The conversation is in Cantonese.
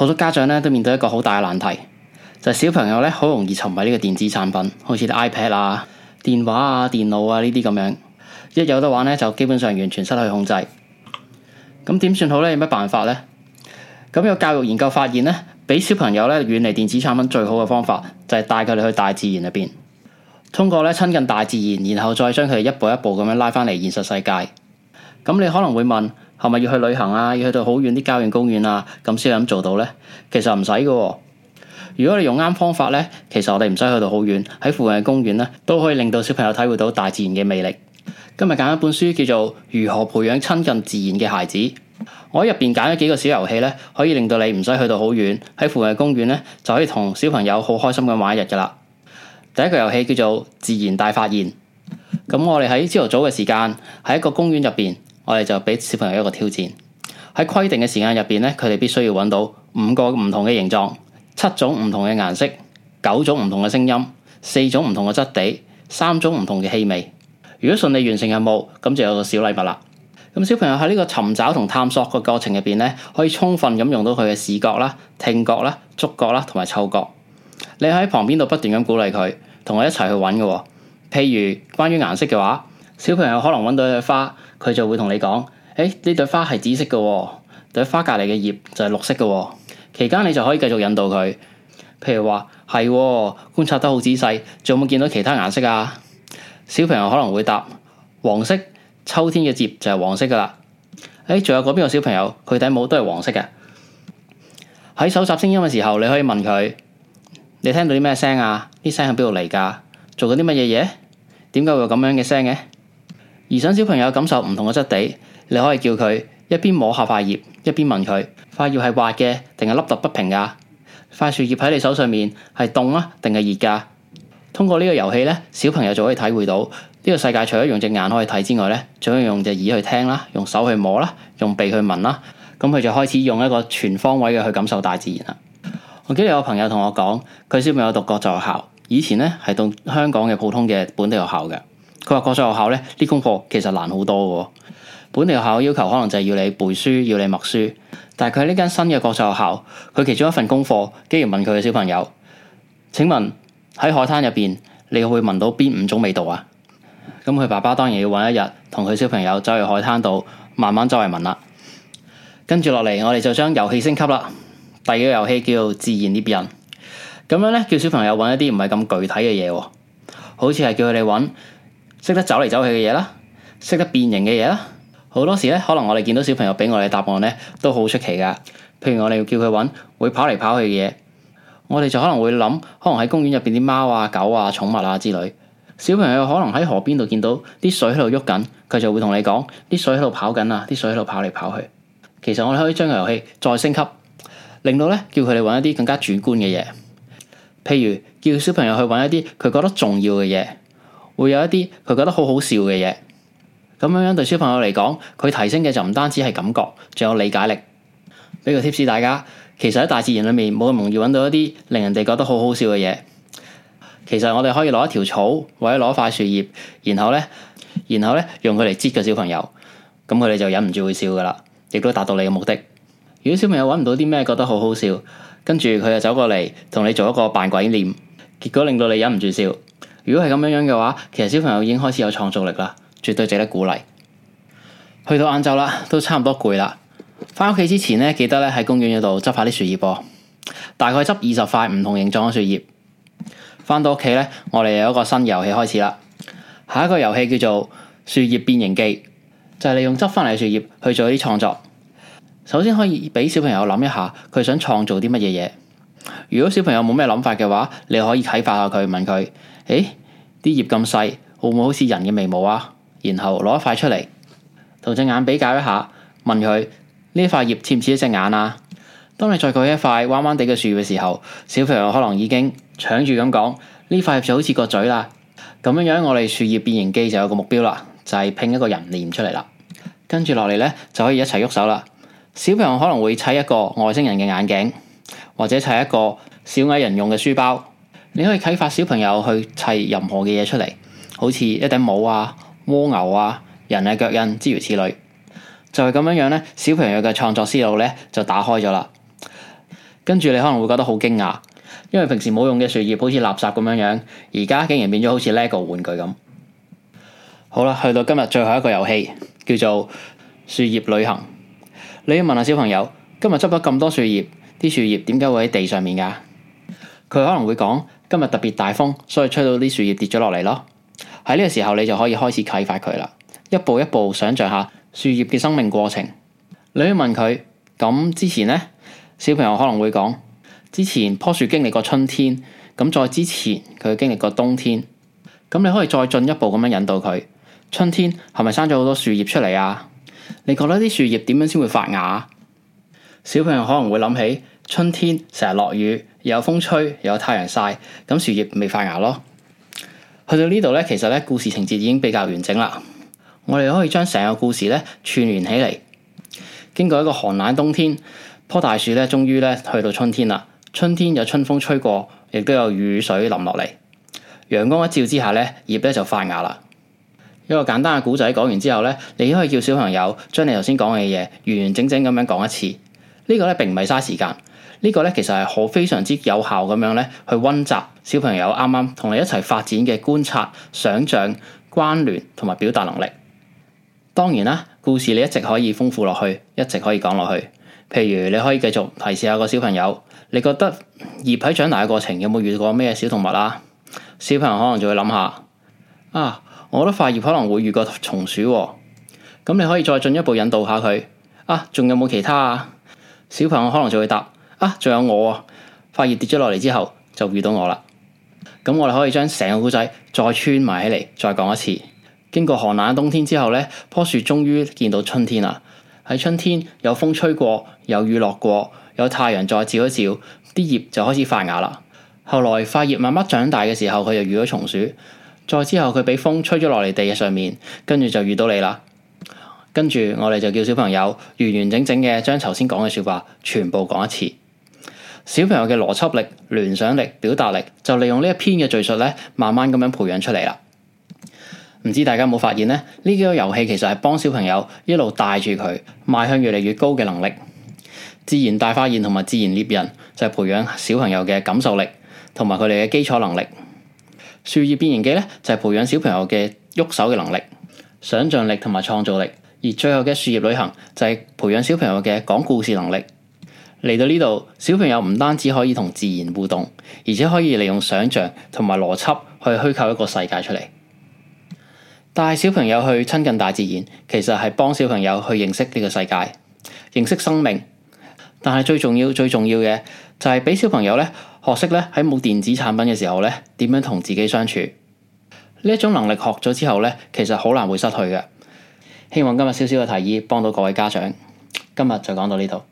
好多家長咧都面對一個好大嘅難題，就係小朋友咧好容易沉迷呢個電子產品，好似 iPad 啊、電話啊、電腦啊呢啲咁樣，一有得玩咧就基本上完全失去控制。咁點算好咧？有乜辦法咧？咁有教育研究發現咧，俾小朋友咧遠離電子產品最好嘅方法就係帶佢哋去大自然入邊，通過咧親近大自然，然後再將佢哋一步一步咁樣拉翻嚟現實世界。咁你可能會問，係咪要去旅行啊？要去到好遠啲郊野公園啊？咁先係咁做到咧？其實唔使嘅。如果你用啱方法咧，其實我哋唔使去到好遠，喺附近嘅公園咧，都可以令到小朋友體會到大自然嘅魅力。今日揀一本書叫做《如何培養親近自然嘅孩子》，我喺入邊揀咗幾個小遊戲咧，可以令到你唔使去到好遠，喺附近嘅公園咧，就可以同小朋友好開心咁玩一日噶啦。第一個遊戲叫做《自然大發現》。咁我哋喺朝頭早嘅時間喺一個公園入邊。我哋就俾小朋友一個挑戰，喺規定嘅時間入邊咧，佢哋必須要揾到五個唔同嘅形狀、七種唔同嘅顏色、九種唔同嘅聲音、四種唔同嘅質地、三種唔同嘅氣味。如果順利完成任務，咁就有個小禮物啦。咁小朋友喺呢個尋找同探索個過程入邊咧，可以充分咁用到佢嘅視覺啦、聽覺啦、觸覺啦同埋嗅覺。你喺旁邊度不斷咁鼓勵佢，同佢一齊去揾嘅。譬如關於顏色嘅話。小朋友可能揾到一朵花，佢就會同你講：誒、欸，呢朵花係紫色㗎喎，朵花隔籬嘅葉就係綠色㗎喎。期間你就可以繼續引導佢，譬如話係喎，觀察得好仔細，仲有冇見到其他顏色啊？小朋友可能會答：黃色，秋天嘅葉就係黃色噶啦。誒、欸，仲有嗰邊個小朋友，佢頂帽都係黃色嘅。喺搜集聲音嘅時候，你可以問佢：你聽到啲咩聲啊？啲聲喺邊度嚟噶？做緊啲乜嘢嘢？點解會有咁樣嘅聲嘅？而想小朋友感受唔同嘅質地，你可以叫佢一邊摸下塊葉，一邊問佢：塊葉係滑嘅定係凹凸不平噶？塊樹葉喺你手上面係凍啊定係熱噶？通過呢個遊戲咧，小朋友就可以體會到呢個世界，除咗用隻眼可以睇之外咧，仲要用隻耳去聽啦，用手去摸啦，用鼻去聞啦。咁佢就開始用一個全方位嘅去感受大自然啦。我記得有個朋友同我講，佢小朋友讀國際學校，以前咧係讀香港嘅普通嘅本地學校嘅。佢話國際學校呢啲功課其實難好多嘅。本地學校要求可能就係要你背書，要你默書。但係佢喺呢間新嘅國際學校，佢其中一份功課，竟然問佢嘅小朋友：請問喺海灘入邊，你會聞到邊五種味道啊？咁佢爸爸當然要揾一日，同佢小朋友走去海灘度，慢慢周圍聞啦。跟住落嚟，我哋就將遊戲升級啦。第二個遊戲叫自然獵人，咁樣呢，叫小朋友揾一啲唔係咁具體嘅嘢，好似係叫佢哋揾。識得走嚟走去嘅嘢啦，識得變形嘅嘢啦，好多時咧，可能我哋見到小朋友俾我哋答案咧，都好出奇噶。譬如我哋要叫佢揾會跑嚟跑去嘅嘢，我哋就可能會諗，可能喺公園入邊啲貓啊、狗啊、寵物啊之類，小朋友可能喺河邊度見到啲水喺度喐緊，佢就會同你講啲水喺度跑緊啊，啲水喺度跑嚟跑去。其實我哋可以將個遊戲再升級，令到咧叫佢哋揾一啲更加主觀嘅嘢，譬如叫小朋友去揾一啲佢覺得重要嘅嘢。會有一啲佢覺得好好笑嘅嘢，咁樣樣對小朋友嚟講，佢提升嘅就唔單止係感覺，仲有理解力。俾個 tips 大家，其實喺大自然裏面冇咁容易揾到一啲令人哋覺得好好笑嘅嘢。其實我哋可以攞一條草或者攞塊樹葉，然後呢，然後呢，用佢嚟擳個小朋友，咁佢哋就忍唔住會笑噶啦，亦都達到你嘅目的。如果小朋友揾唔到啲咩覺得好好笑，跟住佢就走過嚟同你做一個扮鬼臉，結果令到你忍唔住笑。如果係咁樣樣嘅話，其實小朋友已經開始有創造力啦，絕對值得鼓勵。去到晏晝啦，都差唔多攰啦，翻屋企之前咧，記得咧喺公園嗰度執下啲樹葉噃，大概執二十塊唔同形狀嘅樹葉。翻到屋企咧，我哋有一個新遊戲開始啦。下一個遊戲叫做樹葉變形記，就係、是、利用執翻嚟嘅樹葉去做啲創作。首先可以俾小朋友諗一下，佢想創造啲乜嘢嘢。如果小朋友冇咩諗法嘅話，你可以啟發下佢，問佢，誒、欸，啲葉咁細，會唔會好似人嘅眉毛啊？然後攞一塊出嚟，同隻眼比較一下，問佢呢塊葉似唔似一隻眼啊？當你再舉一塊彎彎地嘅樹葉嘅時候，小朋友可能已經搶住咁講，呢塊葉就好似個嘴啦。咁樣樣，我哋樹葉變形機就有個目標啦，就係、是、拼一個人臉出嚟啦。跟住落嚟咧，就可以一齊喐手啦。小朋友可能會砌一個外星人嘅眼鏡。或者砌一個小矮人用嘅書包，你可以啟發小朋友去砌任何嘅嘢出嚟，好似一頂帽啊、蝸牛啊、人嘅腳印，諸如此類。就係咁樣樣咧，小朋友嘅創作思路咧就打開咗啦。跟住你可能會覺得好驚訝，因為平時冇用嘅樹葉好似垃圾咁樣樣，而家竟然變咗好似 LEGO 玩具咁。好啦，去到今日最後一個遊戲叫做樹葉旅行。你要問下小朋友，今日執咗咁多樹葉。啲樹葉點解會喺地上面噶？佢可能會講今日特別大風，所以吹到啲樹葉跌咗落嚟咯。喺呢個時候，你就可以開始啟發佢啦，一步一步想象下樹葉嘅生命過程。你可以問佢：咁之前呢？小朋友可能會講：之前棵樹經歷過春天，咁再之前佢經歷過冬天。咁你可以再進一步咁樣引導佢：春天係咪生咗好多樹葉出嚟啊？你覺得啲樹葉點樣先會發芽？小朋友可能會諗起。春天成日落雨，又有風吹，又有太陽曬，咁樹葉未發芽咯。去到呢度咧，其實咧，故事情節已經比較完整啦。我哋可以將成個故事咧，串聯起嚟。經過一個寒冷冬天，棵大樹咧，終於咧去到春天啦。春天有春風吹過，亦都有雨水淋落嚟，陽光一照之下咧，葉咧就發芽啦。一個簡單嘅故仔講完之後咧，你可以叫小朋友將你頭先講嘅嘢完完整整咁樣講一次。呢個咧並唔係嘥時間。呢個咧，其實係好非常之有效咁樣咧，去溫習小朋友啱啱同你一齊發展嘅觀察、想像、關聯同埋表達能力。當然啦，故事你一直可以豐富落去，一直可以講落去。譬如你可以繼續提示下個小朋友，你覺得葉喺長大嘅過程有冇遇到過咩小動物啊？小朋友可能就會諗下啊，我覺得發葉可能會遇過松鼠喎，哦。咁你可以再進一步引導下佢啊，仲有冇其他啊？小朋友可能就會答。啊！仲有我啊！花葉跌咗落嚟之後，就遇到我啦。咁我哋可以將成個故仔再穿埋起嚟，再講一次。經過寒冷嘅冬天之後，呢樖樹終於見到春天啦。喺春天有風吹過，有雨落過，有太陽再照一照，啲葉就開始發芽啦。後來花葉慢慢長大嘅時候，佢又遇咗松鼠。再之後佢俾風吹咗落嚟地嘅上面，跟住就遇到你啦。跟住我哋就叫小朋友完完整整嘅將頭先講嘅説話全部講一次。小朋友嘅邏輯力、聯想力、表達力，就利用呢一篇嘅敘述咧，慢慢咁樣培養出嚟啦。唔知大家有冇發現呢？呢幾個遊戲其實係幫小朋友一路帶住佢，邁向越嚟越高嘅能力。自然大發現同埋自然獵人就係培養小朋友嘅感受力同埋佢哋嘅基礎能力。樹葉變形記咧就係培養小朋友嘅喐手嘅能力、想象力同埋創造力。而最後嘅樹葉旅行就係培養小朋友嘅講故事能力。嚟到呢度，小朋友唔單止可以同自然互動，而且可以利用想象同埋邏輯去虛構一個世界出嚟。帶小朋友去親近大自然，其實係幫小朋友去認識呢個世界，認識生命。但係最重要、最重要嘅就係俾小朋友咧學識咧喺冇電子產品嘅時候咧點樣同自己相處。呢一種能力學咗之後咧，其實好難會失去嘅。希望今日少少嘅提議，幫到各位家長。今日就講到呢度。